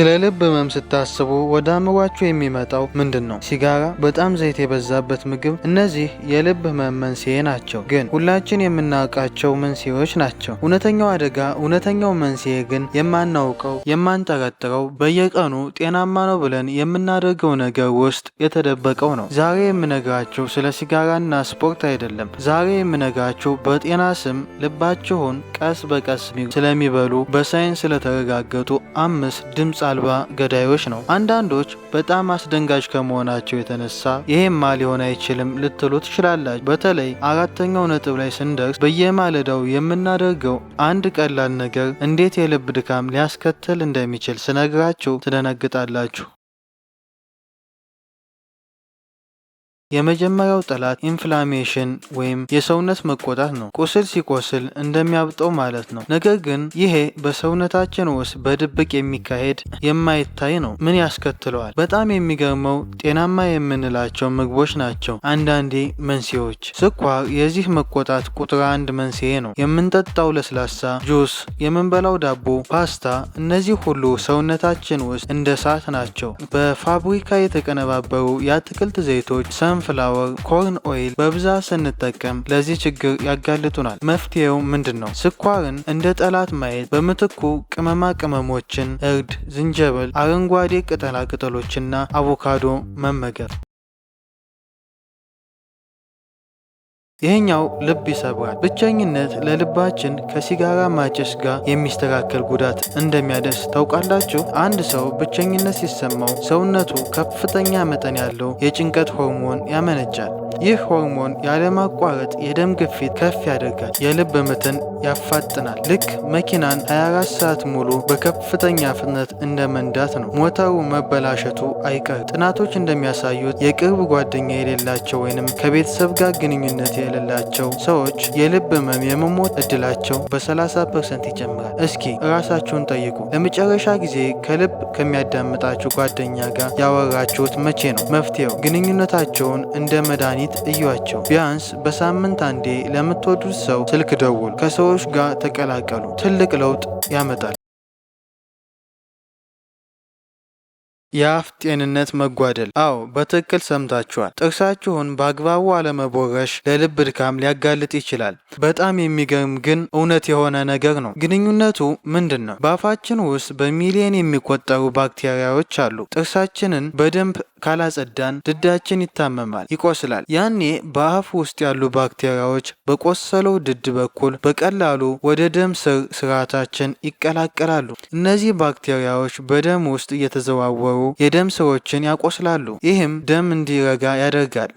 ስለ ልብ ህመም ስታስቡ ወደ አእምሯችሁ የሚመጣው ምንድን ነው? ሲጋራ፣ በጣም ዘይት የበዛበት ምግብ፣ እነዚህ የልብ ህመም መንስኤ ናቸው። ግን ሁላችን የምናውቃቸው መንስኤዎች ናቸው። እውነተኛው አደጋ፣ እውነተኛው መንስኤ ግን የማናውቀው የማንጠረጥረው፣ በየቀኑ ጤናማ ነው ብለን የምናደርገው ነገር ውስጥ የተደበቀው ነው። ዛሬ የምነግራችሁ ስለ ሲጋራና ስፖርት አይደለም። ዛሬ የምነግራችሁ በጤና ስም ልባችሁን ቀስ በቀስ ስለሚበሉ በሳይንስ ስለተረጋገጡ አምስት ድምፅ አልባ ገዳዮች ነው። አንዳንዶች በጣም አስደንጋጭ ከመሆናቸው የተነሳ ይሄማ ሊሆን አይችልም ልትሉ ትችላላችሁ። በተለይ አራተኛው ነጥብ ላይ ስንደርስ በየማለዳው የምናደርገው አንድ ቀላል ነገር እንዴት የልብ ድካም ሊያስከትል እንደሚችል ስነግራችሁ ትደነግጣላችሁ። የመጀመሪያው ጠላት ኢንፍላሜሽን ወይም የሰውነት መቆጣት ነው። ቁስል ሲቆስል እንደሚያብጠው ማለት ነው። ነገር ግን ይሄ በሰውነታችን ውስጥ በድብቅ የሚካሄድ የማይታይ ነው። ምን ያስከትለዋል? በጣም የሚገርመው ጤናማ የምንላቸው ምግቦች ናቸው አንዳንዴ መንስኤዎች። ስኳር የዚህ መቆጣት ቁጥር አንድ መንስኤ ነው። የምንጠጣው ለስላሳ ጁስ፣ የምንበላው ዳቦ፣ ፓስታ፣ እነዚህ ሁሉ ሰውነታችን ውስጥ እንደ እሳት ናቸው። በፋብሪካ የተቀነባበሩ የአትክልት ዘይቶች ሰን ሰንፍላወር ኮርን ኦይል በብዛት ስንጠቀም ለዚህ ችግር ያጋልጡናል። መፍትሄው ምንድን ነው? ስኳርን እንደ ጠላት ማየት በምትኩ ቅመማ ቅመሞችን፣ እርድ፣ ዝንጀብል፣ አረንጓዴ ቅጠላ ቅጠሎችና አቮካዶ መመገብ ይህኛው ልብ ይሰብራል። ብቸኝነት ለልባችን ከሲጋራ ማጨስ ጋር የሚስተካከል ጉዳት እንደሚያደርስ ታውቃላችሁ? አንድ ሰው ብቸኝነት ሲሰማው ሰውነቱ ከፍተኛ መጠን ያለው የጭንቀት ሆርሞን ያመነጫል። ይህ ሆርሞን ያለማቋረጥ የደም ግፊት ከፍ ያደርጋል፣ የልብ ምትን ያፋጥናል። ልክ መኪናን 24 ሰዓት ሙሉ በከፍተኛ ፍጥነት እንደ መንዳት ነው። ሞተሩ መበላሸቱ አይቀርም። ጥናቶች እንደሚያሳዩት የቅርብ ጓደኛ የሌላቸው ወይንም ከቤተሰብ ጋር ግንኙነት የሌላቸው ሰዎች የልብ ህመም የመሞት እድላቸው በ30 ፐርሰንት ይጨምራል። እስኪ እራሳችሁን ጠይቁ። ለመጨረሻ ጊዜ ከልብ ከሚያዳምጣችሁ ጓደኛ ጋር ያወራችሁት መቼ ነው? መፍትሄው ግንኙነታቸውን እንደ መድኃኒት ስሜት እያቸው። ቢያንስ በሳምንት አንዴ ለምትወዱት ሰው ስልክ ደውሉ። ከሰዎች ጋር ተቀላቀሉ። ትልቅ ለውጥ ያመጣል። የአፍ ጤንነት መጓደል። አዎ በትክክል ሰምታችኋል። ጥርሳችሁን በአግባቡ አለመቦረሽ ለልብ ድካም ሊያጋልጥ ይችላል። በጣም የሚገርም ግን እውነት የሆነ ነገር ነው። ግንኙነቱ ምንድን ነው? በአፋችን ውስጥ በሚሊዮን የሚቆጠሩ ባክቴሪያዎች አሉ። ጥርሳችንን በደንብ ካላጸዳን ድዳችን ይታመማል፣ ይቆስላል። ያኔ በአፍ ውስጥ ያሉ ባክቴሪያዎች በቆሰለው ድድ በኩል በቀላሉ ወደ ደም ስር ስርዓታችን ይቀላቀላሉ። እነዚህ ባክቴሪያዎች በደም ውስጥ እየተዘዋወሩ የደም ስሮችን ያቆስላሉ። ይህም ደም እንዲረጋ ያደርጋል።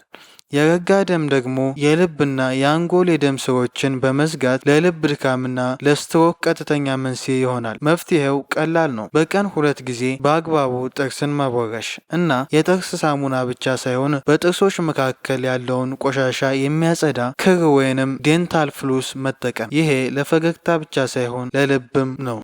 የረጋ ደም ደግሞ የልብና የአንጎል የደም ስሮችን በመዝጋት ለልብ ድካምና ለስትሮክ ቀጥተኛ መንስኤ ይሆናል። መፍትሄው ቀላል ነው። በቀን ሁለት ጊዜ በአግባቡ ጥርስን መቦረሽ እና የጥርስ ሳሙና ብቻ ሳይሆን በጥርሶች መካከል ያለውን ቆሻሻ የሚያጸዳ ክር ወይንም ዴንታል ፍሉስ መጠቀም። ይሄ ለፈገግታ ብቻ ሳይሆን ለልብም ነው።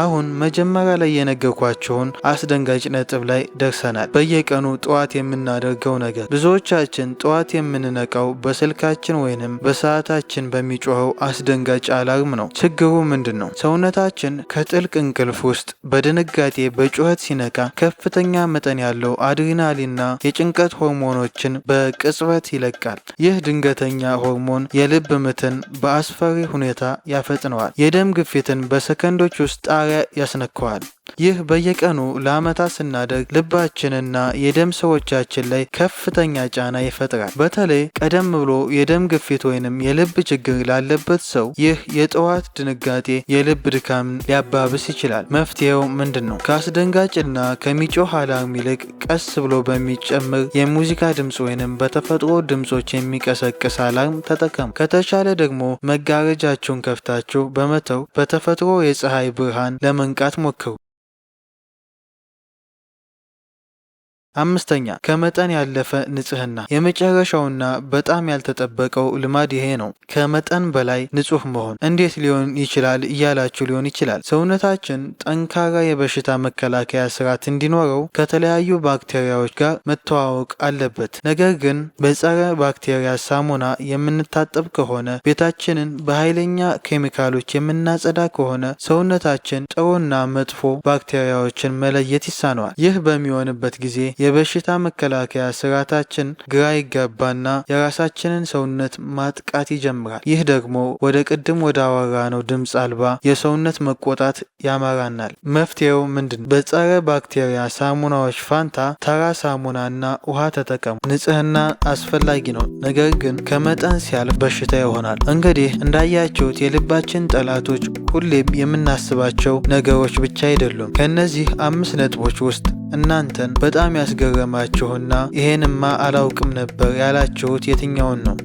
አሁን መጀመሪያ ላይ የነገርኳቸውን አስደንጋጭ ነጥብ ላይ ደርሰናል። በየቀኑ ጠዋት የምናደርገው ነገር ብዙዎቻችን ጠዋት የምንነቃው በስልካችን ወይንም በሰዓታችን በሚጮኸው አስደንጋጭ አላርም ነው። ችግሩ ምንድን ነው? ሰውነታችን ከጥልቅ እንቅልፍ ውስጥ በድንጋጤ በጩኸት ሲነቃ ከፍተኛ መጠን ያለው አድሪናሊንና የጭንቀት ሆርሞኖችን በቅጽበት ይለቃል። ይህ ድንገተኛ ሆርሞን የልብ ምትን በአስፈሪ ሁኔታ ያፈጥነዋል። የደም ግፊትን በሰከንዶች ውስጥ ጣሪያ ያስነከዋል። ይህ በየቀኑ ለአመታት ስናደግ ልባችንና የደም ሰዎቻችን ላይ ከፍተኛ ጫና ይፈጥራል። በተለይ ቀደም ብሎ የደም ግፊት ወይንም የልብ ችግር ላለበት ሰው ይህ የጠዋት ድንጋጤ የልብ ድካምን ሊያባብስ ይችላል። መፍትሄው ምንድን ነው? ከአስደንጋጭና ከሚጮህ አላርም ይልቅ ቀስ ብሎ በሚጨምር የሙዚቃ ድምፅ ወይንም በተፈጥሮ ድምፆች የሚቀሰቅስ አላርም ተጠቀሙ። ከተቻለ ደግሞ መጋረጃችሁን ከፍታችሁ በመተው በተፈጥሮ የፀሐይ ብርሃን ለመንቃት ሞከሩ። አምስተኛ ከመጠን ያለፈ ንጽህና። የመጨረሻውና በጣም ያልተጠበቀው ልማድ ይሄ ነው፣ ከመጠን በላይ ንጹህ መሆን። እንዴት ሊሆን ይችላል እያላችሁ ሊሆን ይችላል። ሰውነታችን ጠንካራ የበሽታ መከላከያ ስርዓት እንዲኖረው ከተለያዩ ባክቴሪያዎች ጋር መተዋወቅ አለበት። ነገር ግን በጸረ ባክቴሪያ ሳሙና የምንታጠብ ከሆነ፣ ቤታችንን በኃይለኛ ኬሚካሎች የምናጸዳ ከሆነ ሰውነታችን ጥሩና መጥፎ ባክቴሪያዎችን መለየት ይሳነዋል። ይህ በሚሆንበት ጊዜ የበሽታ መከላከያ ስርዓታችን ግራ ይጋባና የራሳችንን ሰውነት ማጥቃት ይጀምራል። ይህ ደግሞ ወደ ቅድም ወደ አወራ ነው ድምፅ አልባ የሰውነት መቆጣት ያመራናል። መፍትሄው ምንድን ነው? በጸረ ባክቴሪያ ሳሙናዎች ፋንታ ተራ ሳሙናና ውሃ ተጠቀሙ። ንጽህና አስፈላጊ ነው፣ ነገር ግን ከመጠን ሲያልፍ በሽታ ይሆናል። እንግዲህ እንዳያችሁት የልባችን ጠላቶች ሁሌም የምናስባቸው ነገሮች ብቻ አይደሉም። ከእነዚህ አምስት ነጥቦች ውስጥ እናንተን በጣም ያስገረማችሁና ይሄንማ አላውቅም ነበር ያላችሁት የትኛውን ነው?